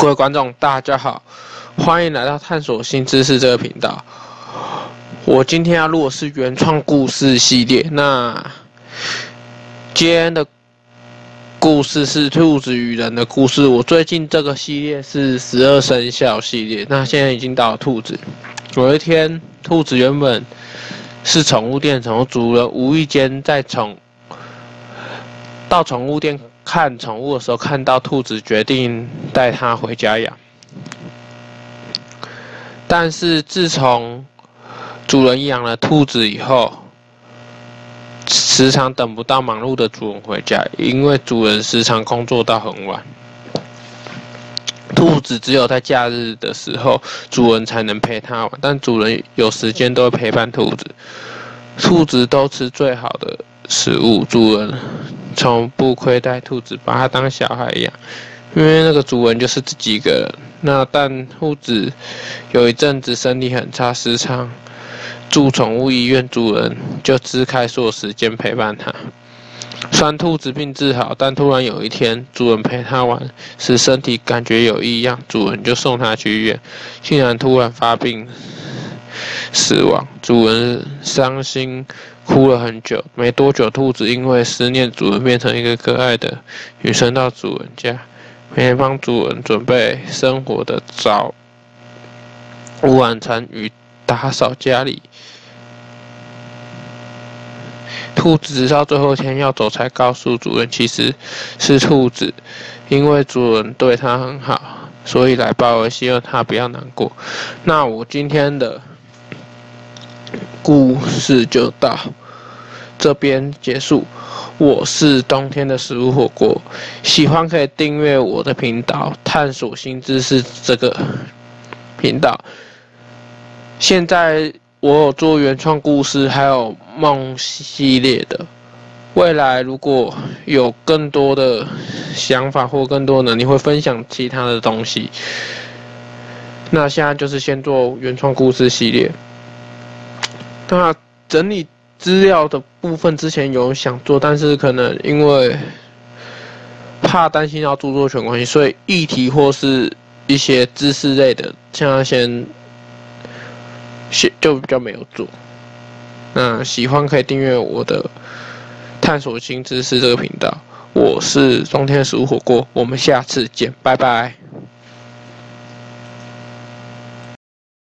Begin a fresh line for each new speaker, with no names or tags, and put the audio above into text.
各位觀眾，大家好，歡迎來到探索新知識這個頻道。我今天要錄的是原創故事系列，那今天的故事是兔子與人的故事。我最近這個系列是十二生肖系列，那現在已經到了兔子。有一天，兔子原本是寵物店，寵物主人無意間在寵到寵物店。看寵物的時候，看到兔子，決定帶它回家養。但是自從主人養了兔子以後，時常等不到忙碌的主人回家，因為主人時常工作到很晚。兔子只有在假日的時候，主人才能陪它玩。但主人有時間都會陪伴兔子，兔子都吃最好的食物，主人。從不虧待兔子，把它當小孩養，因為那個主人就是自己一個人。那但兔子有一陣子身體很差，時常住寵物醫院，主人就支開所有時間陪伴它。雖然兔子病治好，但突然有一天，主人陪它玩，使身體感覺有異樣，主人就送它去醫院，竟然突然發病死亡，主人傷心，哭了很久。沒多久，兔子因為思念主人，變成一個可愛的女生到主人家，每天幫主人準備生活的早午晚餐與打掃家裡。兔子直到最後一天要走，才告訴主人，其實是兔子，因為主人對它很好，所以來報恩，希望它不要難過。那我今天的。故事就到這邊結束。我是冬天的食物火鍋，喜歡可以訂閱我的頻道，探索新知識這個頻道。現在我有做原創故事，還有夢系列的。未來如果有更多的想法或更多能力，會分享其他的東西。那現在就是先做原創故事系列。那整理資料的部分之前有想做，但是可能因為怕擔心要著作權關係，所以議題或是一些知識類的，現在先先就比較沒有做。那喜歡可以訂閱我的探索新知識這個頻道，我是中天食物火鍋，我們下次見，拜拜。